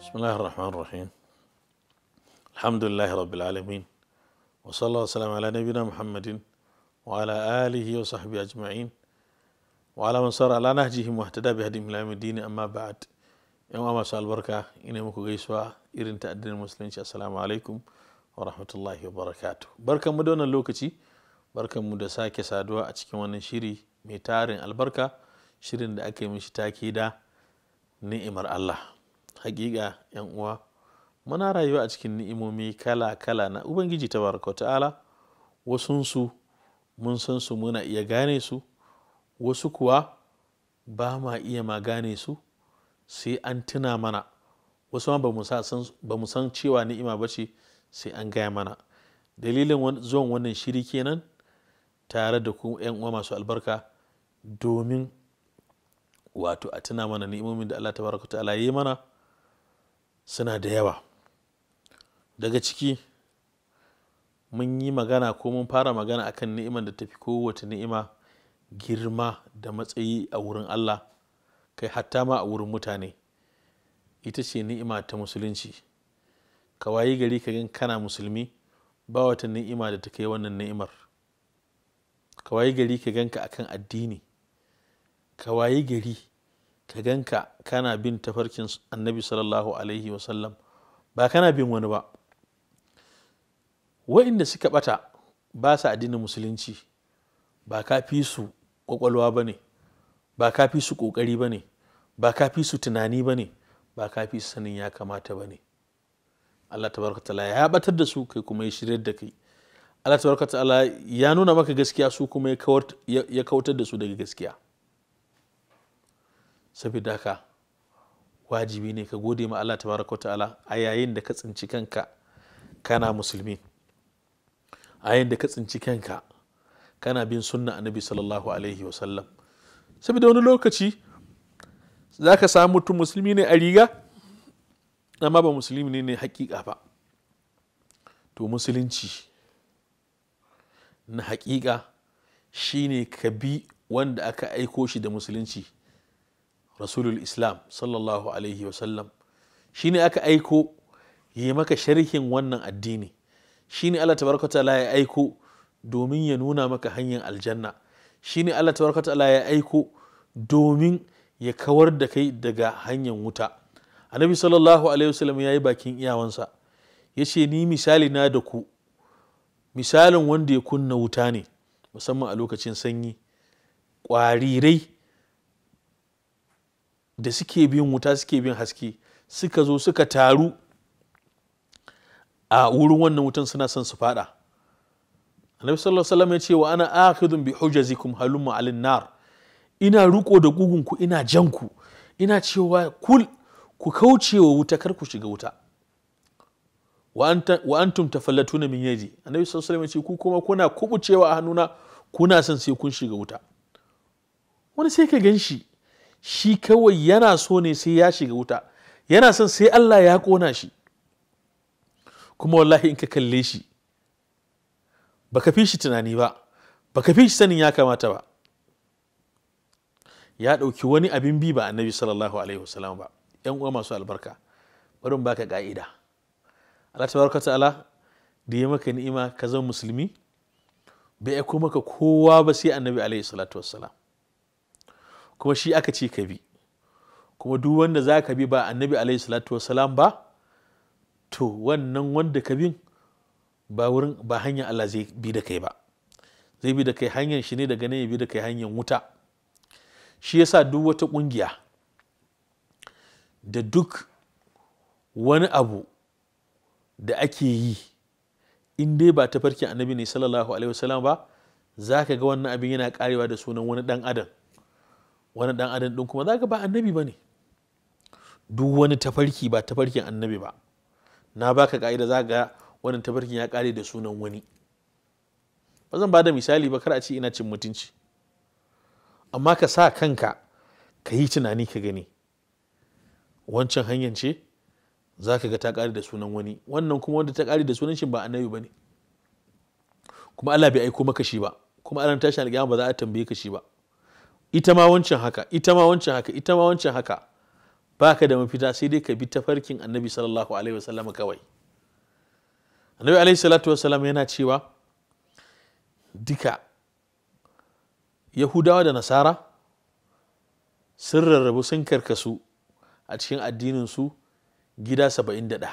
بسم الله الرحمن الرحيم الحمد لله رب العالمين وصلى الله وسلم على نبينا محمد وعلى آله وصحبه أجمعين وعلى من صار على نهجه مهتدى بهديهم من يوم الدين أما بعد يوم أما سأل بركة إن مكو غيسوا إرن تأدين المسلمين السلام عليكم ورحمة الله وبركاته بركة مدونة لوكتي بركة مدسا كسادوا أتكي وانا شيري ميتارين البركة شيرين دا أكي مشتاكي دا نئمر الله hakika yan uwa muna rayuwa a cikin ni'imomi kala-kala na ubangiji barako ta'ala wasunsu mun san su muna iya gane su wasu kuwa ba ma iya ma gane su sai an tuna mana wasu ma ba mu san cewa ni'ima ba ce sai an gaya mana dalilin zuwan wannan shiri kenan tare da ku yan uwa masu albarka domin wato a tuna mana ni'imomin da Allah ta baraka ta'ala yi mana suna da yawa daga ciki mun yi magana ko mun fara magana akan ni'imar da ta tafi kowace ni'ima girma da matsayi a wurin Allah kai hatta ma a wurin mutane ita ce ni'ima ta musulunci ka gari ka gan kana musulmi ba wata ni'ima da ta kai wannan ni'imar ka wayi gari ka gan ka akan addini ka gari ka ganka kana bin tafarkin annabi sallallahu alaihi wasallam ba kana bin wani ba wa'inda suka bata ba sa addinin musulunci ba ka fi su kwakwalwa ba ne ba ka fi su kokari ba ne ba ka fi su tunani ba ne ba ka fi su sanin ya kamata ba ne allah tabaraka ta'ala ya batar da su kai kuma ya shirya da kai allah tabaraka ta'ala ya nuna maka gaskiya su kuma ya kautar da su daga gaskiya saboda haka wajibi ne ka gode ma Allah tabaraka ta'ala a yayin da ka tsinci kanka kana musulmi a yayin da ka tsinci kanka kana bin sunna annabi sallallahu alaihi wasallam saboda wani lokaci za ka samu mutum musulmi ne a riga amma ba musulmi ne ne hakika ba to musulunci na haƙiƙa shine ka bi wanda aka aiko shi da musulunci rasulul islam sallallahu alaihi wasallam shi ne aka aiko yi maka sharhin wannan addini shi ne allah tabaraka ta'ala ya aiko domin ya nuna maka hanyar aljanna shi ne allah tabaraka ta'ala ya aiko domin ya kawar da kai daga hanyar wuta annabi sallallahu alaihi wasallam ya yi bakin iyawansa ya ce ni misali na da ku misalin wanda ya kunna wuta ne musamman a lokacin sanyi ƙwarirai da suke bin wuta suke bin haske suka zo suka taru a wurin wannan wutan suna son su fada annabi sallallahu alaihi ya ce wa ana akhidun bi hujazikum halumma alin nar ina ruko da gugun ku ina jan ku ina cewa kul ku kauce wa wuta kar ku shiga wuta wa antum tafallatuna min yaji annabi sallallahu alaihi ya ce ku kuma kuna kubucewa a hannuna kuna son sai kun shiga wuta wani sai ka ganshi. shi kawai yana so ne sai ya shiga wuta yana son sai Allah ya kona shi kuma wallahi in ka kalle shi baka fi shi tunani ba baka fi shi sanin ya kamata ba ya ɗauki wani abin bi ba annabi sallallahu alaihi wasallam ba yan uwa masu albarka bari mu baka ka'ida Allah tabaraka ta'ala da ya maka ni'ima ka zama musulmi bai kuma ka kowa ba sai annabi alaihi salatu wassalam kuma shi aka ce ka bi kuma duk wanda za ka bi ba annabi alaihi salatu wasalam ba to wannan wanda ka bin ba wurin ba hanyar Allah zai bi da kai ba zai bi da kai hanyar shi ne daga nan ya bi da kai hanyar wuta shi yasa duk wata kungiya da duk wani abu da ake yi in dai ba ta farkin annabi ne sallallahu alaihi wasallam ba za ka ga wannan abin yana karewa da sunan wani dan adam wani dan adam din kuma zaka ba annabi bane duk wani tafarki ba tafarkin annabi ba na baka ka'ida za ga wani tafarkin ya kare da sunan wani ba zan ba misali ba kar a ce ina cin mutunci amma ka sa kanka ka yi tunani ka gani wancan hanyar ce za ka ga ta kare da sunan wani wannan kuma wanda ta kare da sunan shi ba annabi ba ne kuma Allah bai aiko maka shi ba kuma aran tashi alƙiyama ba za a tambaye ka shi ba ita ma wancan haka ita ma wancan haka ita ma wancan haka baka da mafita sai dai ka bi tafarkin annabi sallallahu alaihi wasallam kawai annabi alaihi salatu wasallam yana cewa duka yahudawa da nasara sun rarrabu sun karkasu a cikin addininsu gida 71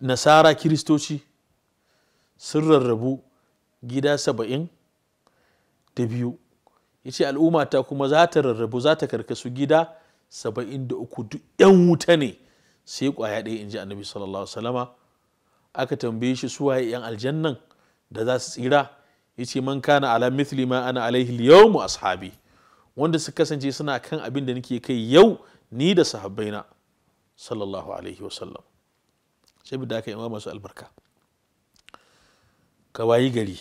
nasara kiristoci sun rarrabu gida saba'in da biyu ya ce al'ummata kuma za ta rarrabu za ta karkasu gida saba'in da uku duk 'yan wuta ne sai kwaya ɗaya in ji annabi sallallahu alaihi aka tambaye shi su waye 'yan aljannan da za su tsira ya ce man kana ala mithli ma ana alaihi yawmu ashabi wanda su kasance suna kan abin da nake kai yau ni da sahabbaina sallallahu alaihi wasallam sai bi da aka yi masu albarka ka wayi gari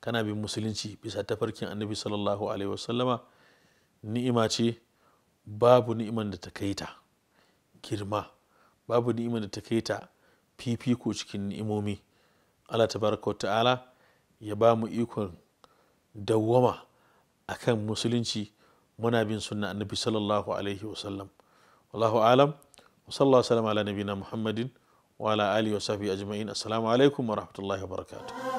kana bin musulunci bisa tafarkin annabi sallallahu alaihi wasallama ni'ima ce babu ni'iman da ta kai ta girma babu ni'iman da ta kai ta fifiko cikin ni'imomi Allah tabaraka ta'ala ya ba mu ikon dawwama akan musulunci muna bin sunna annabi sallallahu alaihi wasallam wallahu alam wa sallallahu ala nabina muhammadin wa ala alihi wa sahbihi ajma'in assalamu alaikum wa rahmatullahi wa barakatuh